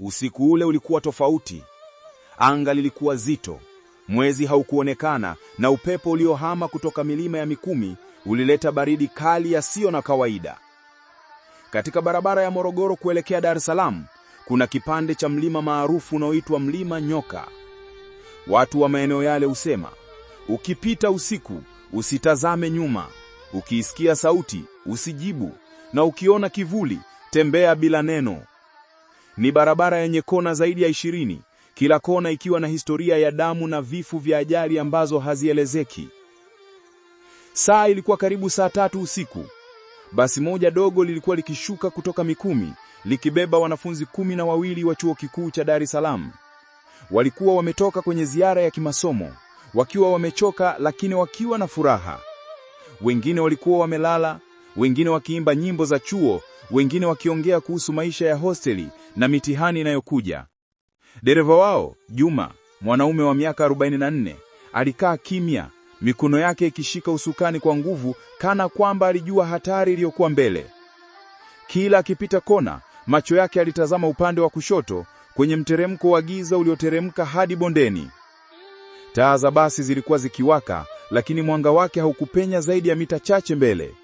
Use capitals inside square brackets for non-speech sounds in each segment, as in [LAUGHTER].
Usiku ule ulikuwa tofauti. Anga lilikuwa zito, mwezi haukuonekana, na upepo uliohama kutoka milima ya Mikumi ulileta baridi kali yasiyo na kawaida. Katika barabara ya Morogoro kuelekea Dar es Salaam kuna kipande cha mlima maarufu unaoitwa Mlima Nyoka. Watu wa maeneo yale husema, ukipita usiku usitazame nyuma, ukiisikia sauti usijibu, na ukiona kivuli tembea bila neno. Ni barabara yenye kona zaidi ya ishirini, kila kona ikiwa na historia ya damu na vifu vya ajali ambazo hazielezeki. Saa ilikuwa karibu saa tatu usiku. Basi moja dogo lilikuwa likishuka kutoka Mikumi likibeba wanafunzi kumi na wawili wa chuo kikuu cha Dar es Salaam. Walikuwa wametoka kwenye ziara ya kimasomo wakiwa wamechoka, lakini wakiwa na furaha. Wengine walikuwa wamelala, wengine wakiimba nyimbo za chuo, wengine wakiongea kuhusu maisha ya hosteli na mitihani inayokuja. Dereva wao Juma, mwanaume wa miaka 44, alikaa kimya, mikono yake ikishika usukani kwa nguvu, kana kwamba alijua hatari iliyokuwa mbele. Kila akipita kona, macho yake alitazama upande wa kushoto kwenye mteremko wa giza ulioteremka hadi bondeni. Taa za basi zilikuwa zikiwaka, lakini mwanga wake haukupenya zaidi ya mita chache mbele.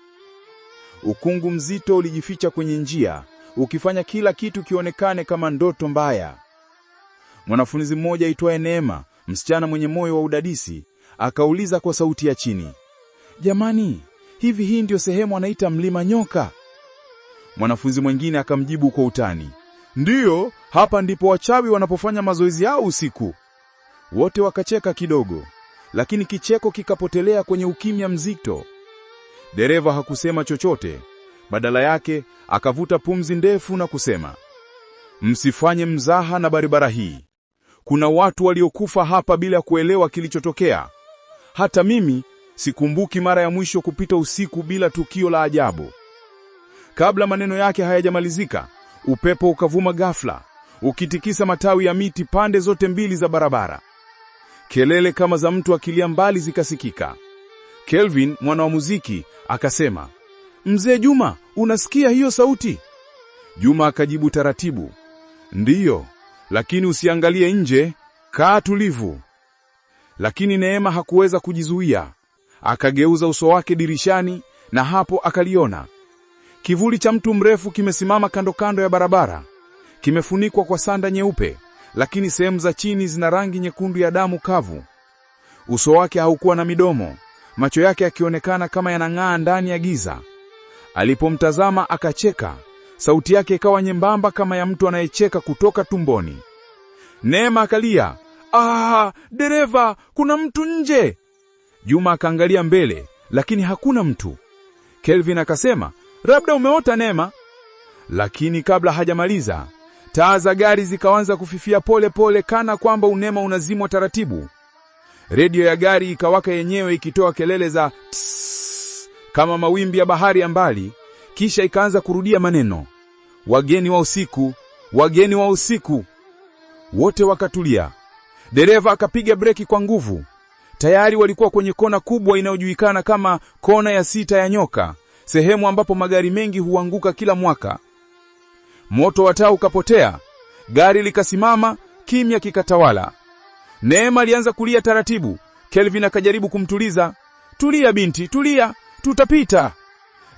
Ukungu mzito ulijificha kwenye njia, ukifanya kila kitu kionekane kama ndoto mbaya. Mwanafunzi mmoja aitwaye Neema, msichana mwenye moyo wa udadisi, akauliza kwa sauti ya chini, "Jamani, hivi hii ndio sehemu anaita Mlima Nyoka?" Mwanafunzi mwingine akamjibu kwa utani, "Ndiyo, hapa ndipo wachawi wanapofanya mazoezi yao usiku." Wote wakacheka kidogo, lakini kicheko kikapotelea kwenye ukimya mzito. Dereva hakusema chochote, badala yake akavuta pumzi ndefu na kusema, msifanye mzaha na barabara hii. Kuna watu waliokufa hapa bila kuelewa kilichotokea. Hata mimi sikumbuki mara ya mwisho kupita usiku bila tukio la ajabu. Kabla maneno yake hayajamalizika, upepo ukavuma ghafla, ukitikisa matawi ya miti pande zote mbili za barabara. Kelele kama za mtu akilia mbali zikasikika. Kelvin, mwana wa muziki, akasema, Mzee Juma, unasikia hiyo sauti? Juma akajibu taratibu, ndiyo, lakini usiangalie nje, kaa tulivu. Lakini Neema hakuweza kujizuia, akageuza uso wake dirishani na hapo akaliona kivuli cha mtu mrefu kimesimama kando kando ya barabara, kimefunikwa kwa sanda nyeupe, lakini sehemu za chini zina rangi nyekundu ya damu kavu. Uso wake haukuwa na midomo, macho yake yakionekana kama yanang'aa ndani ya giza. Alipomtazama akacheka, sauti yake ikawa nyembamba kama ya mtu anayecheka kutoka tumboni. Neema akalia, ah, dereva, kuna mtu nje! Juma akaangalia mbele, lakini hakuna mtu. Kelvin akasema, labda umeota Neema. Lakini kabla hajamaliza, taa za gari zikaanza kufifia pole pole, kana kwamba unema unazimwa taratibu. Redio ya gari ikawaka yenyewe ikitoa kelele za tss, kama mawimbi ya bahari ya mbali, kisha ikaanza kurudia maneno, wageni wa usiku, wageni wa usiku. Wote wakatulia. Dereva akapiga breki kwa nguvu. Tayari walikuwa kwenye kona kubwa inayojulikana kama kona ya sita ya nyoka, sehemu ambapo magari mengi huanguka kila mwaka. Moto wa taa ukapotea, gari likasimama, kimya kikatawala. Neema alianza kulia taratibu. Kelvin akajaribu kumtuliza, tulia binti, tulia, tutapita.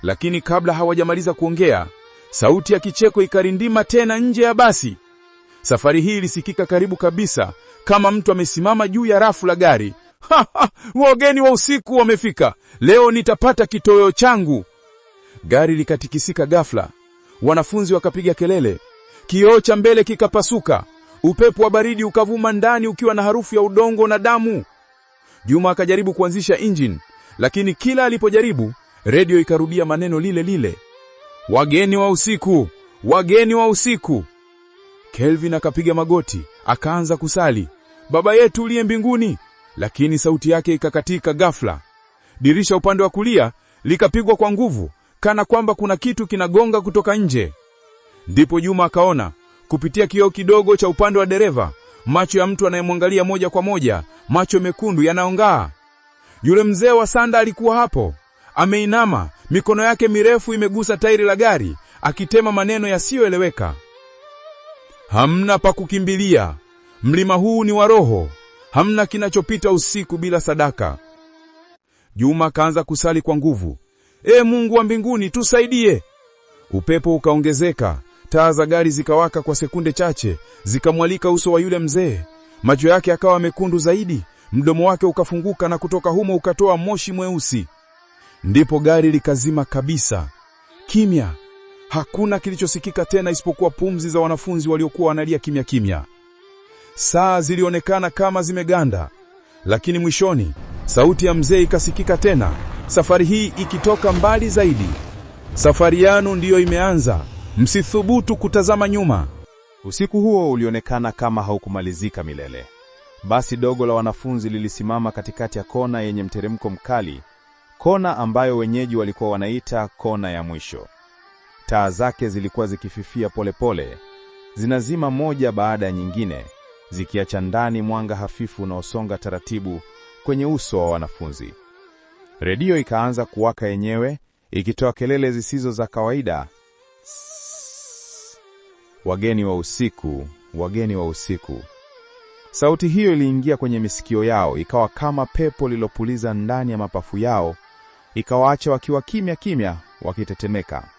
Lakini kabla hawajamaliza kuongea, sauti ya kicheko ikarindima tena nje ya basi. Safari hii ilisikika karibu kabisa, kama mtu amesimama juu ya rafu la gari. [LAUGHS] Ha, ha, wageni wa usiku wamefika, leo nitapata kitoweo changu. Gari likatikisika ghafla, wanafunzi wakapiga kelele, kioo cha mbele kikapasuka, Upepo wa baridi ukavuma ndani ukiwa na harufu ya udongo na damu. Juma akajaribu kuanzisha engine, lakini kila alipojaribu, redio ikarudia maneno lile lile. Wageni wa usiku, wageni wa usiku. Kelvin akapiga magoti, akaanza kusali, Baba yetu uliye mbinguni, lakini sauti yake ikakatika ghafla. Dirisha upande wa kulia likapigwa kwa nguvu, kana kwamba kuna kitu kinagonga kutoka nje. Ndipo Juma akaona kupitia kioo kidogo cha upande wa dereva, macho ya mtu anayemwangalia moja kwa moja, macho mekundu yanaong'aa. Yule mzee wa sanda alikuwa hapo, ameinama, mikono yake mirefu imegusa tairi la gari, akitema maneno yasiyoeleweka. Hamna pa kukimbilia, mlima huu ni wa roho, hamna kinachopita usiku bila sadaka. Juma akaanza kusali kwa nguvu, Ee Mungu wa mbinguni tusaidie. Upepo ukaongezeka, Taa za gari zikawaka kwa sekunde chache, zikamwalika uso wa yule mzee. Macho yake akawa mekundu zaidi, mdomo wake ukafunguka na kutoka humo ukatoa moshi mweusi. Ndipo gari likazima kabisa. Kimya. Hakuna kilichosikika tena isipokuwa pumzi za wanafunzi waliokuwa wanalia kimya kimya. Saa zilionekana kama zimeganda, lakini mwishoni sauti ya mzee ikasikika tena, safari hii ikitoka mbali zaidi. Safari yanu ndiyo imeanza msithubutu kutazama nyuma. Usiku huo ulionekana kama haukumalizika milele. Basi dogo la wanafunzi lilisimama katikati ya kona yenye mteremko mkali, kona ambayo wenyeji walikuwa wanaita kona ya mwisho. Taa zake zilikuwa zikififia polepole pole, zinazima moja baada ya nyingine, zikiacha ndani mwanga hafifu unaosonga taratibu kwenye uso wa wanafunzi. Redio ikaanza kuwaka yenyewe, ikitoa kelele zisizo za kawaida wageni wa usiku, wageni wa usiku. Sauti hiyo iliingia kwenye misikio yao, ikawa kama pepo lilopuliza ndani ya mapafu yao, ikawaacha wakiwa kimya kimya, wakitetemeka.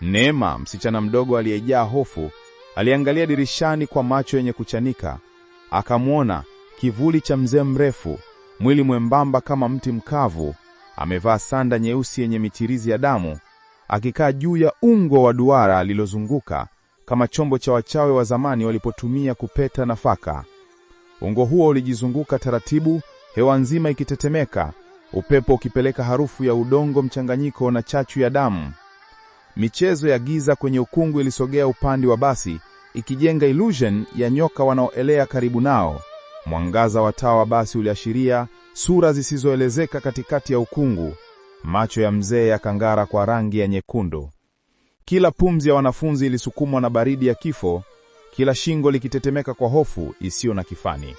Neema, msichana mdogo aliyejaa hofu, aliangalia dirishani kwa macho yenye kuchanika, akamwona kivuli cha mzee mrefu, mwili mwembamba kama mti mkavu, amevaa sanda nyeusi yenye michirizi ya damu, akikaa juu ya ungo wa duara lilozunguka kama chombo cha wachawi wa zamani walipotumia kupeta nafaka. Ungo huo ulijizunguka taratibu, hewa nzima ikitetemeka, upepo ukipeleka harufu ya udongo mchanganyiko na chachu ya damu. Michezo ya giza kwenye ukungu ilisogea upande wa basi, ikijenga illusion ya nyoka wanaoelea karibu nao. Mwangaza wa taa wa basi uliashiria sura zisizoelezeka katikati ya ukungu. Macho ya mzee yakang'ara kwa rangi ya nyekundu. Kila pumzi ya wanafunzi ilisukumwa na baridi ya kifo, kila shingo likitetemeka kwa hofu isiyo na kifani.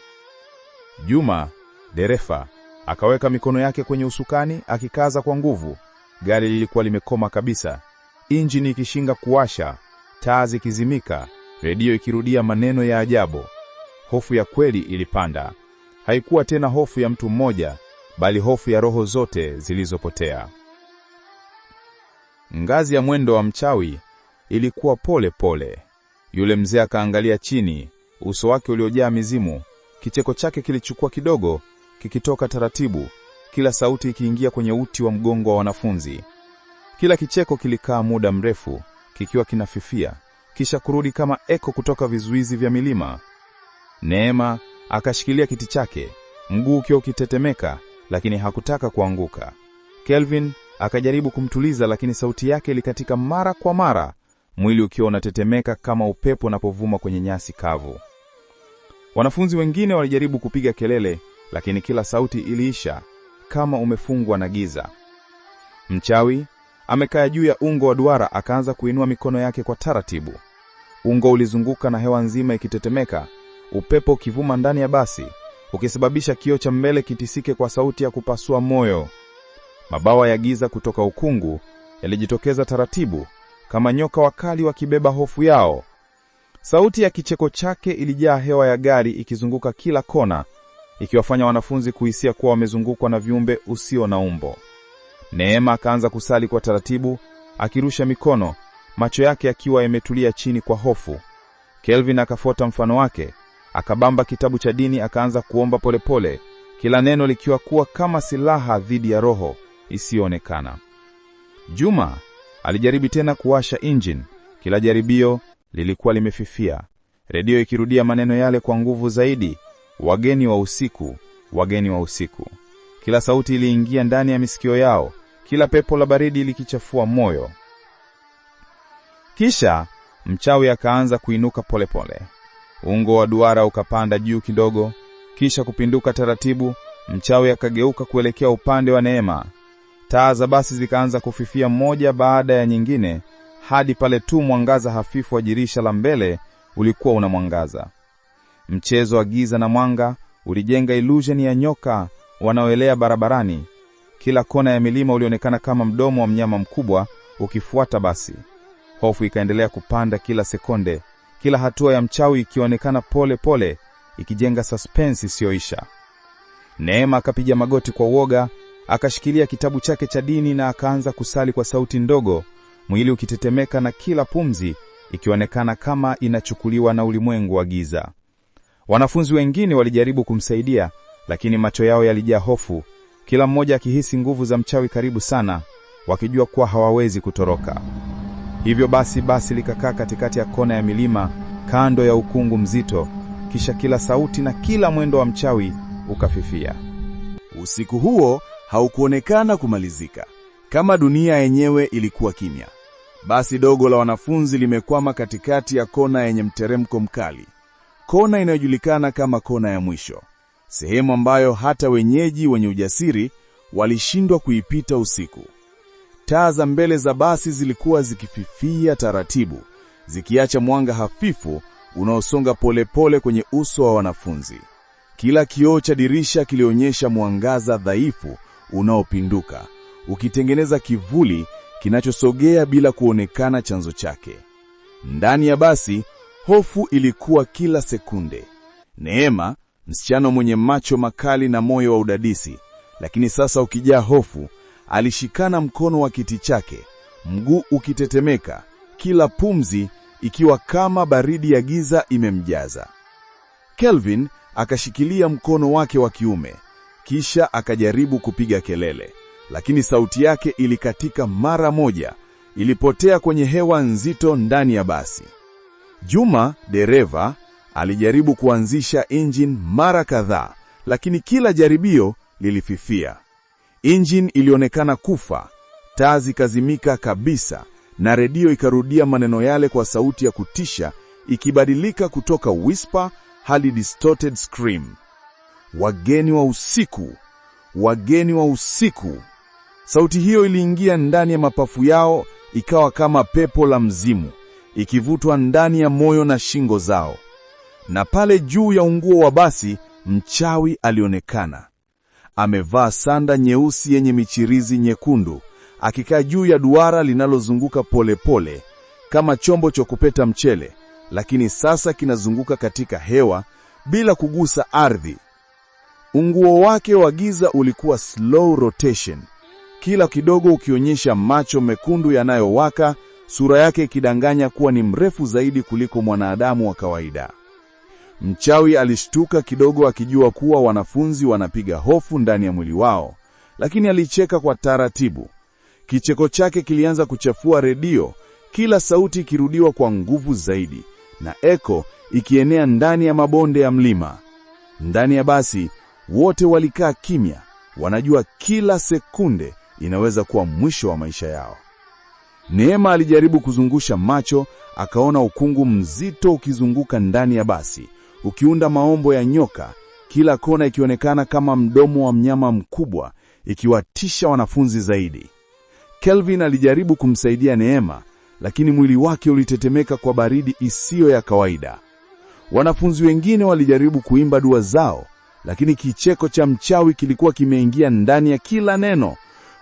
Juma dereva akaweka mikono yake kwenye usukani akikaza kwa nguvu. Gari lilikuwa limekoma kabisa, injini ikishinga kuwasha, taa zikizimika, redio ikirudia maneno ya ajabu. Hofu ya kweli ilipanda. Haikuwa tena hofu ya mtu mmoja, bali hofu ya roho zote zilizopotea. Ngazi ya mwendo wa mchawi ilikuwa pole pole. Yule mzee akaangalia chini, uso wake uliojaa mizimu. Kicheko chake kilichukua kidogo, kikitoka taratibu, kila sauti ikiingia kwenye uti wa mgongo wa wanafunzi. Kila kicheko kilikaa muda mrefu kikiwa kinafifia, kisha kurudi kama eko kutoka vizuizi vya milima. Neema akashikilia kiti chake, mguu ukiwa ukitetemeka, lakini hakutaka kuanguka. Kelvin Akajaribu kumtuliza, lakini sauti yake ilikatika mara kwa mara, mwili ukiwa unatetemeka kama upepo unapovuma kwenye nyasi kavu. Wanafunzi wengine walijaribu kupiga kelele, lakini kila sauti iliisha kama umefungwa na giza. Mchawi amekaa juu ya ungo wa duara, akaanza kuinua mikono yake kwa taratibu. Ungo ulizunguka na hewa nzima ikitetemeka, upepo ukivuma ndani ya basi ukisababisha kioo cha mbele kitisike kwa sauti ya kupasua moyo. Mabawa ya giza kutoka ukungu yalijitokeza taratibu kama nyoka wakali wakibeba hofu yao. Sauti ya kicheko chake ilijaa hewa ya gari ikizunguka kila kona, ikiwafanya wanafunzi kuhisia kuwa wamezungukwa na viumbe usio na umbo. Neema akaanza kusali kwa taratibu, akirusha mikono, macho yake akiwa yametulia chini kwa hofu. Kelvin akafuata mfano wake, akabamba kitabu cha dini, akaanza kuomba polepole, kila neno likiwa kuwa kama silaha dhidi ya roho isiyoonekana. Juma alijaribu tena kuwasha injini. Kila jaribio lilikuwa limefifia, redio ikirudia maneno yale kwa nguvu zaidi: wageni wa usiku, wageni wa usiku. Kila sauti iliingia ndani ya misikio yao, kila pepo la baridi likichafua moyo. Kisha mchawi akaanza kuinuka polepole pole. Ungo wa duara ukapanda juu kidogo, kisha kupinduka taratibu. Mchawi akageuka kuelekea upande wa Neema. Taa za basi zikaanza kufifia moja baada ya nyingine, hadi pale tu mwangaza hafifu wa dirisha la mbele ulikuwa unamwangaza. Mchezo wa giza na mwanga ulijenga illusion ya nyoka wanaoelea barabarani. Kila kona ya milima ulionekana kama mdomo wa mnyama mkubwa ukifuata basi. Hofu ikaendelea kupanda kila sekonde, kila hatua ya mchawi ikionekana pole pole, ikijenga suspense isiyoisha. Neema akapiga magoti kwa uoga akashikilia kitabu chake cha dini na akaanza kusali kwa sauti ndogo, mwili ukitetemeka na kila pumzi ikionekana kama inachukuliwa na ulimwengu wa giza. Wanafunzi wengine walijaribu kumsaidia, lakini macho yao yalijaa hofu, kila mmoja akihisi nguvu za mchawi karibu sana, wakijua kuwa hawawezi kutoroka. Hivyo basi, basi likakaa katikati ya kona ya milima, kando ya ukungu mzito, kisha kila sauti na kila mwendo wa mchawi ukafifia. Usiku huo haukuonekana kumalizika, kama dunia yenyewe ilikuwa kimya. Basi dogo la wanafunzi limekwama katikati ya kona yenye mteremko mkali, kona inayojulikana kama kona ya mwisho, sehemu ambayo hata wenyeji wenye ujasiri walishindwa kuipita usiku. Taa za mbele za basi zilikuwa zikififia taratibu, zikiacha mwanga hafifu unaosonga polepole kwenye uso wa wanafunzi. Kila kioo cha dirisha kilionyesha mwangaza dhaifu unaopinduka, ukitengeneza kivuli kinachosogea bila kuonekana chanzo chake. Ndani ya basi, hofu ilikuwa kila sekunde. Neema, msichana mwenye macho makali na moyo wa udadisi, lakini sasa ukijaa hofu, alishikana mkono wa kiti chake, mguu ukitetemeka, kila pumzi ikiwa kama baridi ya giza imemjaza. Kelvin akashikilia mkono wake wa kiume, kisha akajaribu kupiga kelele, lakini sauti yake ilikatika mara moja, ilipotea kwenye hewa nzito ndani ya basi. Juma dereva alijaribu kuanzisha injini mara kadhaa, lakini kila jaribio lilififia. Injini ilionekana kufa, taa zikazimika kabisa, na redio ikarudia maneno yale kwa sauti ya kutisha, ikibadilika kutoka whisper hadi distorted scream wageni wa usiku, wageni wa usiku. Sauti hiyo iliingia ndani ya mapafu yao, ikawa kama pepo la mzimu, ikivutwa ndani ya moyo na shingo zao. Na pale juu ya unguo wa basi, mchawi alionekana amevaa sanda nyeusi yenye michirizi nyekundu, akikaa juu ya duara linalozunguka polepole pole, kama chombo cha kupeta mchele, lakini sasa kinazunguka katika hewa bila kugusa ardhi, Unguo wake wa giza ulikuwa slow rotation, kila kidogo ukionyesha macho mekundu yanayowaka, sura yake ikidanganya kuwa ni mrefu zaidi kuliko mwanadamu wa kawaida. Mchawi alishtuka kidogo, akijua kuwa wanafunzi wanapiga hofu ndani ya mwili wao, lakini alicheka kwa taratibu. Kicheko chake kilianza kuchafua redio, kila sauti ikirudiwa kwa nguvu zaidi, na eko ikienea ndani ya mabonde ya mlima. Ndani ya basi wote walikaa kimya, wanajua kila sekunde inaweza kuwa mwisho wa maisha yao. Neema alijaribu kuzungusha macho, akaona ukungu mzito ukizunguka ndani ya basi, ukiunda maombo ya nyoka, kila kona ikionekana kama mdomo wa mnyama mkubwa, ikiwatisha wanafunzi zaidi. Kelvin alijaribu kumsaidia Neema, lakini mwili wake ulitetemeka kwa baridi isiyo ya kawaida. Wanafunzi wengine walijaribu kuimba dua zao, lakini kicheko cha mchawi kilikuwa kimeingia ndani ya kila neno,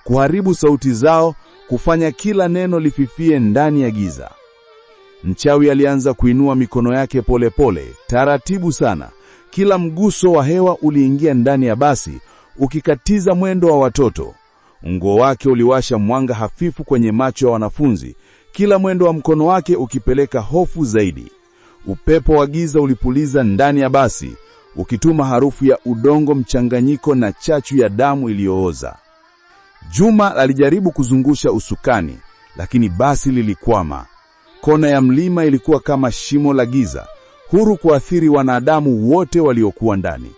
kuharibu sauti zao, kufanya kila neno lififie ndani ya giza. Mchawi alianza kuinua mikono yake polepole pole, taratibu sana. Kila mguso wa hewa uliingia ndani ya basi, ukikatiza mwendo wa watoto. Nguo wake uliwasha mwanga hafifu kwenye macho ya wanafunzi, kila mwendo wa mkono wake ukipeleka hofu zaidi. Upepo wa giza ulipuliza ndani ya basi ukituma harufu ya udongo mchanganyiko na chachu ya damu iliyooza. Juma alijaribu kuzungusha usukani, lakini basi lilikwama. Kona ya mlima ilikuwa kama shimo la giza, huru kuathiri wanadamu wote waliokuwa ndani.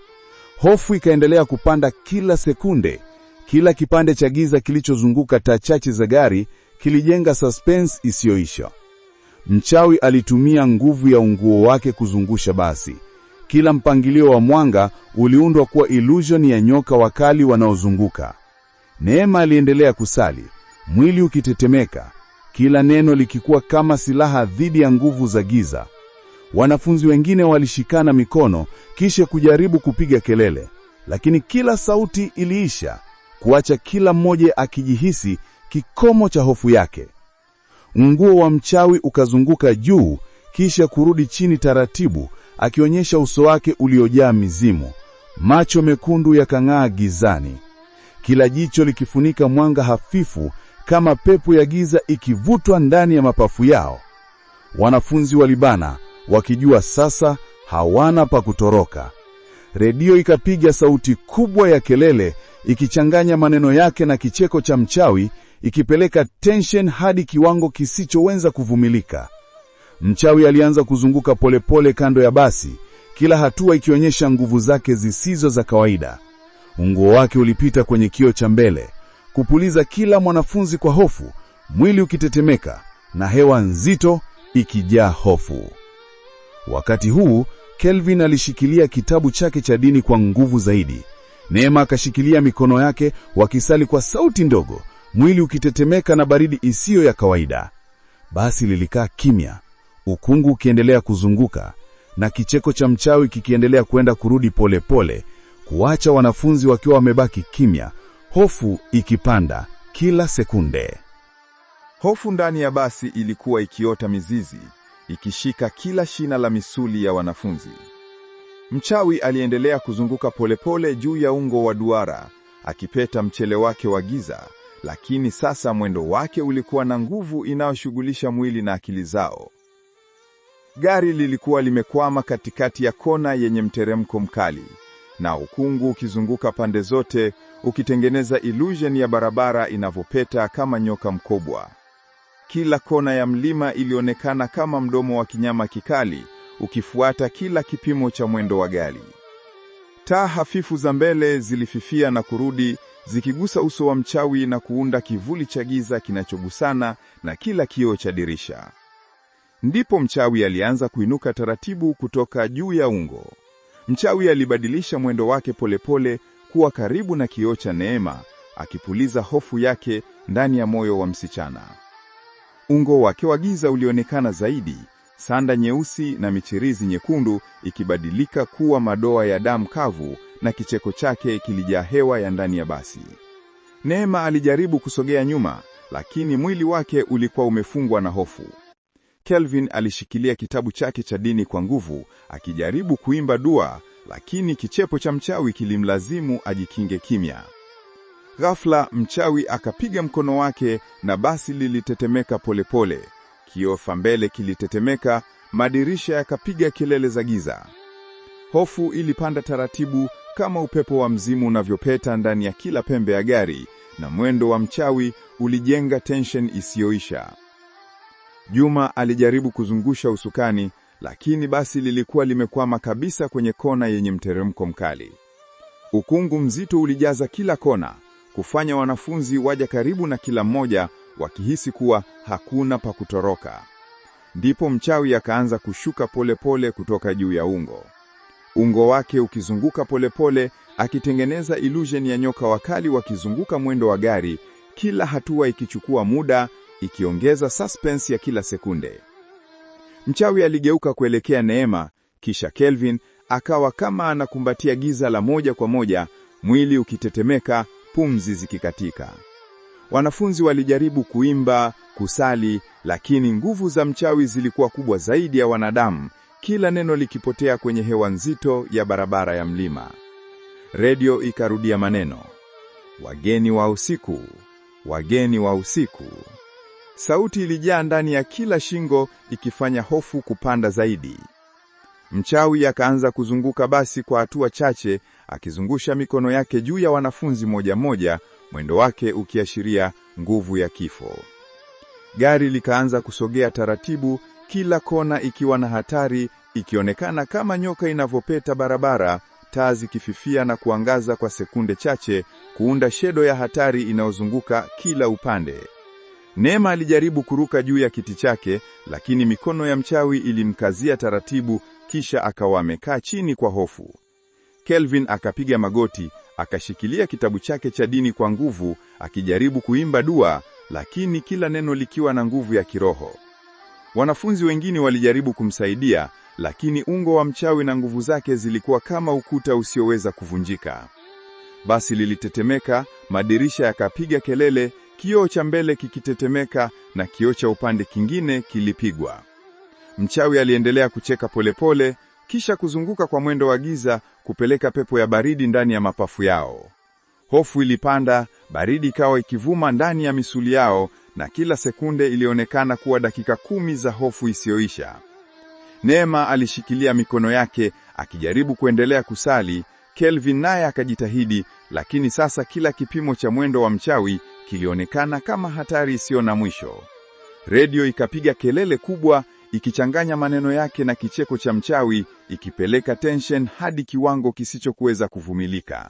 Hofu ikaendelea kupanda kila sekunde. Kila kipande cha giza kilichozunguka taa chache za gari kilijenga suspense isiyoisha. Mchawi alitumia nguvu ya unguo wake kuzungusha basi kila mpangilio wa mwanga uliundwa kuwa illusion ya nyoka wakali wanaozunguka. Neema aliendelea kusali, mwili ukitetemeka, kila neno likikuwa kama silaha dhidi ya nguvu za giza. Wanafunzi wengine walishikana mikono kisha kujaribu kupiga kelele, lakini kila sauti iliisha, kuacha kila mmoja akijihisi kikomo cha hofu yake. Nguo wa mchawi ukazunguka juu kisha kurudi chini taratibu akionyesha uso wake uliojaa mizimu, macho mekundu yakang'aa gizani, kila jicho likifunika mwanga hafifu kama pepo ya giza ikivutwa ndani ya mapafu yao. Wanafunzi walibana, wakijua sasa hawana pa kutoroka. Redio ikapiga sauti kubwa ya kelele, ikichanganya maneno yake na kicheko cha mchawi, ikipeleka tension hadi kiwango kisichoweza kuvumilika. Mchawi alianza kuzunguka polepole pole kando ya basi, kila hatua ikionyesha nguvu zake zisizo za kawaida. Unguo wake ulipita kwenye kio cha mbele, kupuliza kila mwanafunzi kwa hofu, mwili ukitetemeka na hewa nzito ikijaa hofu. Wakati huu Kelvin alishikilia kitabu chake cha dini kwa nguvu zaidi. Neema akashikilia mikono yake, wakisali kwa sauti ndogo, mwili ukitetemeka na baridi isiyo ya kawaida. Basi lilikaa kimya, ukungu ukiendelea kuzunguka na kicheko cha mchawi kikiendelea kwenda kurudi polepole pole, kuacha wanafunzi wakiwa wamebaki kimya, hofu ikipanda kila sekunde. Hofu ndani ya basi ilikuwa ikiota mizizi, ikishika kila shina la misuli ya wanafunzi. Mchawi aliendelea kuzunguka polepole juu ya ungo wa duara, akipeta mchele wake wa giza, lakini sasa mwendo wake ulikuwa na nguvu inayoshughulisha mwili na akili zao. Gari lilikuwa limekwama katikati ya kona yenye mteremko mkali, na ukungu ukizunguka pande zote ukitengeneza illusion ya barabara inavyopeta kama nyoka mkubwa. Kila kona ya mlima ilionekana kama mdomo wa kinyama kikali ukifuata kila kipimo cha mwendo wa gari. Taa hafifu za mbele zilififia na kurudi zikigusa uso wa mchawi na kuunda kivuli cha giza kinachogusana na kila kioo cha dirisha. Ndipo mchawi alianza kuinuka taratibu kutoka juu ya ungo. Mchawi alibadilisha mwendo wake polepole kuwa karibu na kioo cha Neema, akipuliza hofu yake ndani ya moyo wa msichana. Ungo wake wa giza ulionekana zaidi, sanda nyeusi na michirizi nyekundu ikibadilika kuwa madoa ya damu kavu, na kicheko chake kilijaa hewa ya ndani ya basi. Neema alijaribu kusogea nyuma, lakini mwili wake ulikuwa umefungwa na hofu kelvin alishikilia kitabu chake cha dini kwa nguvu, akijaribu kuimba dua, lakini kichepo cha mchawi kilimlazimu ajikinge kimya. Ghafla mchawi akapiga mkono wake na basi lilitetemeka polepole. Kiofa mbele kilitetemeka, madirisha yakapiga kelele za giza. Hofu ilipanda taratibu kama upepo wa mzimu unavyopeta ndani ya kila pembe ya gari, na mwendo wa mchawi ulijenga tension isiyoisha. Juma alijaribu kuzungusha usukani, lakini basi lilikuwa limekwama kabisa kwenye kona yenye mteremko mkali. Ukungu mzito ulijaza kila kona, kufanya wanafunzi waja karibu na kila mmoja wakihisi kuwa hakuna pa kutoroka. Ndipo mchawi akaanza kushuka polepole pole kutoka juu ya ungo, ungo wake ukizunguka polepole pole, akitengeneza illusion ya nyoka wakali wakizunguka mwendo wa gari, kila hatua ikichukua muda ikiongeza suspense ya kila sekunde. Mchawi aligeuka kuelekea Neema, kisha Kelvin akawa kama anakumbatia giza la moja kwa moja, mwili ukitetemeka, pumzi zikikatika. Wanafunzi walijaribu kuimba, kusali, lakini nguvu za mchawi zilikuwa kubwa zaidi ya wanadamu, kila neno likipotea kwenye hewa nzito ya barabara ya mlima. Redio ikarudia maneno, wageni wa usiku, wageni wa usiku. Sauti ilijaa ndani ya kila shingo, ikifanya hofu kupanda zaidi. Mchawi akaanza kuzunguka basi kwa hatua chache, akizungusha mikono yake juu ya wanafunzi moja moja, mwendo wake ukiashiria nguvu ya kifo. Gari likaanza kusogea taratibu, kila kona ikiwa na hatari, ikionekana kama nyoka inavyopeta barabara, taa zikififia na kuangaza kwa sekunde chache, kuunda shedo ya hatari inayozunguka kila upande. Neema alijaribu kuruka juu ya kiti chake, lakini mikono ya mchawi ilimkazia taratibu, kisha akawa amekaa chini kwa hofu. Kelvin akapiga magoti, akashikilia kitabu chake cha dini kwa nguvu, akijaribu kuimba dua, lakini kila neno likiwa na nguvu ya kiroho. Wanafunzi wengine walijaribu kumsaidia, lakini ungo wa mchawi na nguvu zake zilikuwa kama ukuta usioweza kuvunjika. Basi lilitetemeka, madirisha yakapiga kelele kioo cha mbele kikitetemeka na kioo cha upande kingine kilipigwa. Mchawi aliendelea kucheka polepole pole, kisha kuzunguka kwa mwendo wa giza kupeleka pepo ya baridi ndani ya mapafu yao. Hofu ilipanda, baridi ikawa ikivuma ndani ya misuli yao na kila sekunde ilionekana kuwa dakika kumi za hofu isiyoisha. Neema alishikilia mikono yake akijaribu kuendelea kusali, Kelvin naye akajitahidi, lakini sasa kila kipimo cha mwendo wa mchawi kilionekana kama hatari isiyo na mwisho. Redio ikapiga kelele kubwa ikichanganya maneno yake na kicheko cha mchawi, ikipeleka tension hadi kiwango kisichokuweza kuvumilika.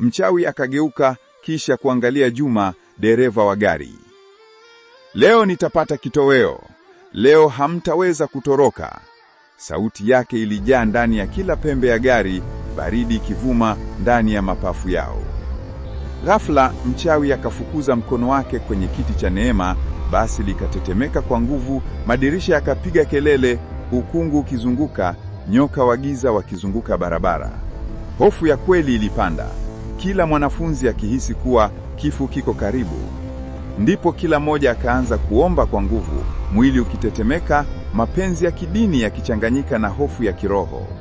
Mchawi akageuka kisha kuangalia Juma, dereva wa gari. Leo nitapata kitoweo, leo hamtaweza kutoroka. Sauti yake ilijaa ndani ya kila pembe ya gari, baridi ikivuma ndani ya mapafu yao. Ghafla mchawi akafukuza mkono wake kwenye kiti cha Neema, basi likatetemeka kwa nguvu, madirisha yakapiga kelele, ukungu ukizunguka, nyoka wa giza wakizunguka barabara. Hofu ya kweli ilipanda, kila mwanafunzi akihisi kuwa kifo kiko karibu. Ndipo kila mmoja akaanza kuomba kwa nguvu, mwili ukitetemeka, mapenzi ya kidini yakichanganyika na hofu ya kiroho.